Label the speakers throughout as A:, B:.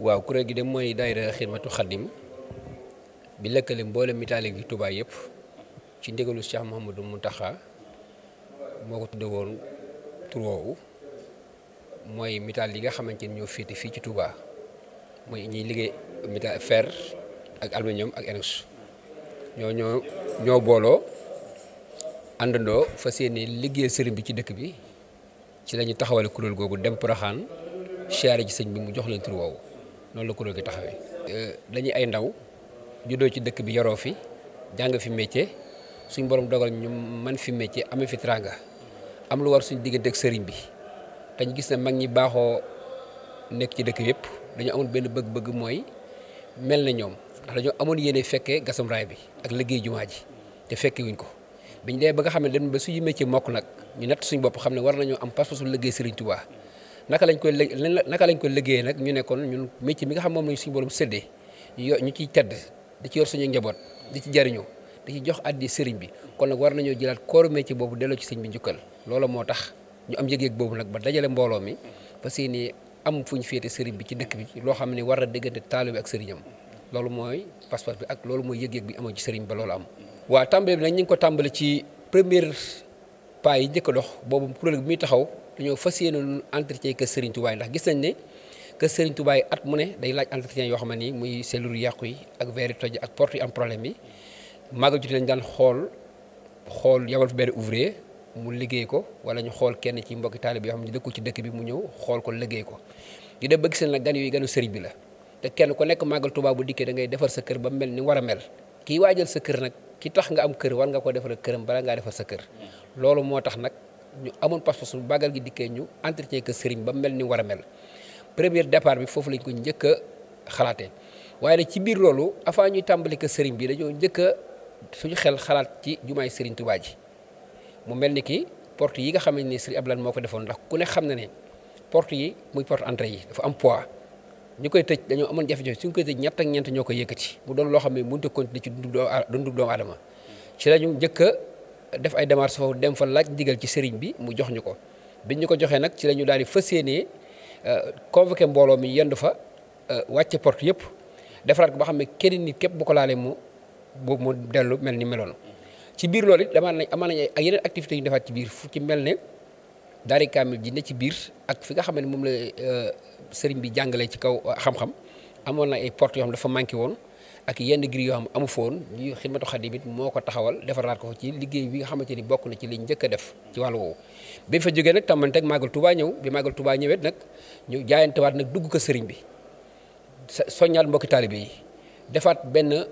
A: waaw kuréel gi de mooy daayira xidmatu xaddim bi lekkalee mboole mitaale gi tubaa yëpp ci ndigalu Cheikh Mouhamadou Mountakha moo ko tudde woon tur mooy mitaal yi nga xamante ni ñoo féete fii ci Touba mooy ñuy liggéey mitaal fer ak aluminium ak inox ñoo ñoo ñoo booloo àndandoo fas yéene liggéey sëriñ bi ci dëkk bi ci la taxawale kuréel googu dem Porokhane siyaare ji sëñ bi mu jox leen tur woowu noonu la kuréel gi taxawee. Euh, dañuy ay ndaw juddoo ci dëkk bi yoroo fi jàng fi métier suñ borom dogal ñu man fi métier amee fi tranga am lu war suñ diggante ak sëriñ bi te ñu gis ne mag ñi baaxoo nekk ci dëkk yëpp dañu amoon benn bëgg-bëgg mooy mel na ñoom ndax dañoo amoon yenee fekkee gasum raay bi ak liggéey jumaa ji te fekkee wuñ ko biñ dee ba nga xam ne dem ba suñu métier mokk nag ñu natt suñ bopp xam ne war nañoo am pas-pasu liggéey sëriñ Tuubaa naka lañ koy naka lañ koy liggéeyee nag ñu ne kon ñun métier mi nga xam moom lañu suñu borom séddee yo ñu ciy tedd di ci yor suñu njaboot di ci jariñoo di ci jox addi sëriñ bi kon nag war nañoo jëlaat kooru métier boobu delloo ci sëñ bi njukkal loolu moo tax ñu am yëg-yëg boobu nag ba dajale mbooloo mi parce que ni am fu ñu féete sëriñ bi ci dëkk bi loo xam ne war na diggante taalibe ak sëriñam loolu mooy pas-pas bi ak loolu mooy yëg-yëg bi amoon ci sëriñ ba loolu am waa tàmbali bi nag ñu ngi ko tàmbali ci première pas yi njëkk dox boobu kuréel bi taxaw dañoo fas yéene lu entretien kër Serigne Touba ndax gis nañ ne kër Serigne Touba at mu ne day laaj entretien yoo xam ne nii muy cellule yàqu yi ak verre yu toj ak porte yu am problème yi màggal ji lañ daan xool xool yabal fa benn ouvrier mu liggéey ko wala ñu xool kenn ci mbokki taalib yoo xam ne dëkku ci dëkk bi mu ñëw xool ko liggéey ko di dem ba gis nag gan yooyu ganu Serigne bi la te kenn ku nekk màggal Touba bu dikkee da ngay defar sa kër ba mel ni war a mel kii waajal sa kër nag ki tax nga am kër war nga ko defar këram bala ngaa defar sa kër tax nag ñu amoon parce que màggal gi dikkee ñu entretien que sëriñ ba mel ni war a mel premier départ bi foofu lañ ko njëkk a xalaatee waaye nag ci biir loolu avant ñuy tàmbali que sëriñ bi dañoo njëkk suñu xel xalaat ci jumaay sëriñ Tuubaa ji mu mel ni ki port yi nga xam ne sëriñ Abdoulaye moo ko defoon ndax ku ne xam ne ne porte yi muy porte entrée yi dafa am poids ñu koy tëj dañoo amoon jafe-jafe suñu koy tëj ñett ak ñeent ñoo koy yëkkati mu doon loo xam ne mënut a continuer ci dundu doomu aadama ci la def ay démarches foofu dem fa laaj ndigal ci sëriñ bi mu jox ñu ko biñ ñu ko joxee nag ci la daal di fas yéenee euh, convoqué mbooloo mi yendu fa euh, wàcce porte yëpp defaraat ko ba xam ne kenn nit képp bu ko laalee mu boobu mu dellu mel ni meloon ci biir loolu it damaa nañ amaa nañ ay yeneen activité yu defaat ci biir fu ci mel ne daari kaamil ji ne ci biir ak fi nga xam ne moom la euh, sëriñ bi jàngalee ci kaw xam-xam amoon na ay porte yoo xam dafa manqué woon ak yenn gri yoo xam amu foon ñu xidmatu xadim it moo ko taxawal defaraat ko ci liggéey bi nga xamante ni bokk na ci li njëkk def ci wàll woowu bi fa jógee nag tàmbante ak màggal Touba ñëw bi màggal Touba ñëwet nag ñu jaayantewaat nag dugg ko sëriñ bi soññaat mbokki taalibe yi defaat benn euh,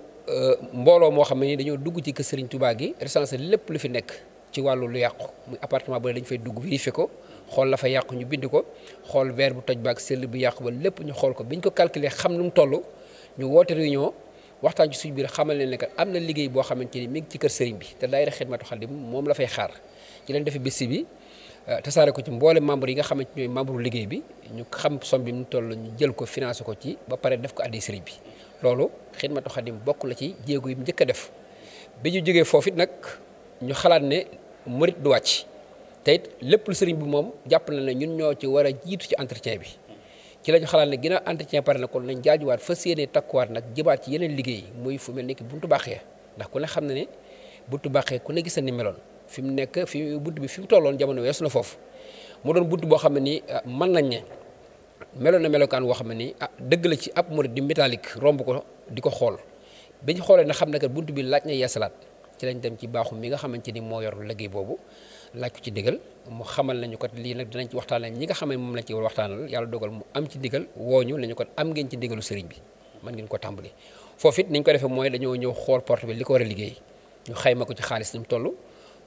A: mbooloo moo xam ne ni dañoo dugg ci kër sëriñ tubaa gi recensé lépp lu fi nekk ci wàll lu yàqu muy appartement bu ne dañu fay dugg vérifié ko xool la fa yàqu ñu bind ko xool verre bu toj baak sell bu yàqu ba lépp ñu xool ko biñ ko calculé xam nu mu toll ñu woote réunion waxtaan ci suñ biir xamal leen ne kat am na liggéey boo xamante ni mi ngi ci kër sëriñ bi te daayira xidmatu xadim moom la fay xaar ci leen defee bési bi te euh, tasaare ko ci mboole membre yi nga xamante ñooy membre liggéey bi ñu xam som bi mu toll ñu jël ko financé ko ci ba pare def ko addi sëriñ bi loolu xidmatu xadim bokk la ci jéego yi mu njëkk a def bi ñu jógee foofu it nag ñu xalaat ne murit du wàcc te it lépp lu sëriñ bi moom jàpp na ne ñun ñoo ci war a jiitu ci entretien bi ci lañu xalaat ne ginnaaw entretien pare na kon nañ jaajuwaat fas yéene takkuwaat nag jëbaat ci yeneen liggéey muy fu mel ni ki buntu bàqee ndax ku ne xam ne ne buntu bàqee ku ne gisal ni meloon fi mu nekk fi buntu bi fi mu tolloon jamono weesu na foofu mu doon buntu boo xam ne nii ah, mën nañ ne meloon na melokaan woo xam ne nii ah dëgg la ci ab murid di métallique romb ko di ko xool ba ñu xoolee na xam ne que buntu bi laaj na yeesalaat ci lañ dem ci baaxum mi nga xamante ni moo yor liggéey boobu laaj ko ci digal mu xamal nañu kat lii nag dinañ ci waxtaan ñi nga xam ne moom lañ ci war waxtaanal yàlla dogal mu am ci digal wooñu nañu kon am ngeen ci digalu sëriñ bi man ngeen ko tàmbali foofu it niñ ko defee mooy dañoo ñëw xool porte bi li ko war a liggéey ñu xayma ko ci xaalis ni mu toll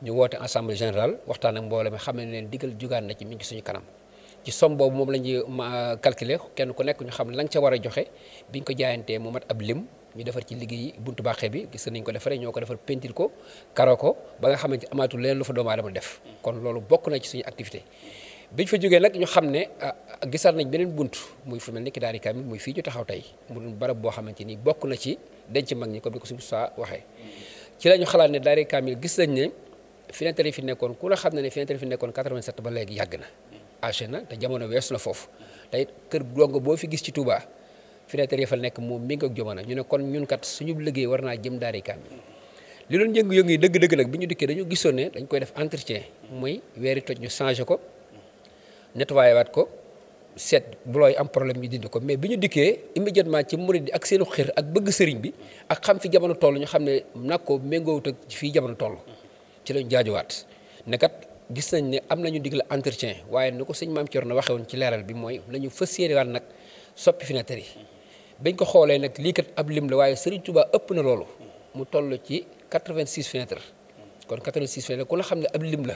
A: ñu woote assemblée général waxtaan ak mbooloo mi xam ne leen digal jugaan na ci mi ngi suñu kanam ci somme boobu moom la ñuy calculer kenn ku nekk ñu xam la nga war a joxe biñ ko jaayantee mu ab lim ñu defar ci liggéey buntu baaxee bi gis nañ ko defaree ñoo ko defar peinture ko karo ko ba nga xamante amaatul leneen lu fa doomu aadama def kon loolu bokk na ci suñu activité biñ fa jógee nag ñu xam ne ah, ah, gisal nañ beneen bunt muy fu mel ni ki daari kaamil muy fii ñu taxaw tey mu doon barab boo xamante ni bokk na ci denc mag ñi comme ni ko suñu saa waxee ci la ñu xalaat ne daari kaamil gis nañ ne fenêtre fi nekkoon ku la xam ne ne fenêtre yi fi nekkoon 87 ba léegi yàgg na âgé fidateur yi fa nekk moom mi ngi ak jamono ñu ne kon ñun kat suñu liggéey war naa jëm daari kaamil li doon yëngu-yëngu yi dëgg-dëgg nag bi ñu dikkee dañu gisoon ne dañ koy def entretien mooy weeri toj ñu changé ko nettoyé waat ko seet bu looy am problème ñu dindi ko mais bi ñu dikkee immédiatement ci murid ak seenu xir ak bëgg sëriñ bi ak xam fi jamono toll ñu xam ne nag ko méngoowut ak fii jamono toll ci lañ jaajuwaat ne gis nañ ne am nañu digle entretien waaye ni ko sëñ maam Thierno waxee ci leeral bi mooy la ñu fas yéene nag soppi fenêtre yi bañ ko xoolee nag lii kat ab lim la waaye Serigne Touba ëpp na loolu mu toll ci 86 fenêtre kon 86 fenêtre ku la xam ne ab lim la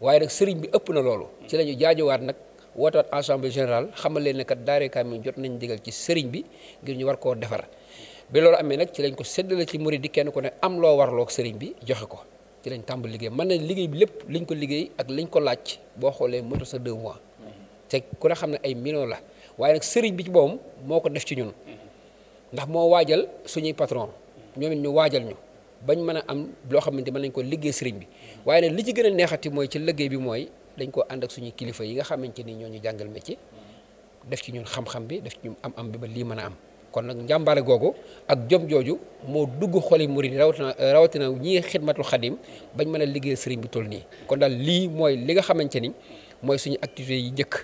A: waaye nag sëriñ bi ëpp na loolu. ci la ñu jaajowaat nag wootewaat assemblée générale xamal leen ne kat daare kaamil jot nañ digal ci Serigne bi ngir ñu war koo defar bi loolu amee nag ci lañ ko séddale ci murid di kenn ku ne am loo warloo ak Serigne bi joxe ko. ci lañ tàmbali liggéey mën na liggéey bi lépp liñ ko liggéey ak liñ ko laaj boo xoolee moto sa mois te ku la xam ne ay millions la waaye nag sëriñ bi ci boppam moo ko def ci ñun ndax moo waajal suñuy patron ñoom ñu waajal ñu bañ mën a am loo xamante mën nañ ko liggéey sëriñ bi waaye nag li ci gën a neexati mooy ci liggéey bi mooy dañ ko ànd ak suñuy kilifa yi nga xamante ni ñoo ñu jàngal métier def ci ñun xam-xam bi def ci ñun am-am bi ba lii mën a am kon nag njàmbaare googu ak jom jooju moo dugg xoli murid rawatina rawatina ñii xidmatul xadim bañ mën a liggéey sëriñ bi toll nii kon daal lii mooy li xamante ni mooy suñu activité yi njëkk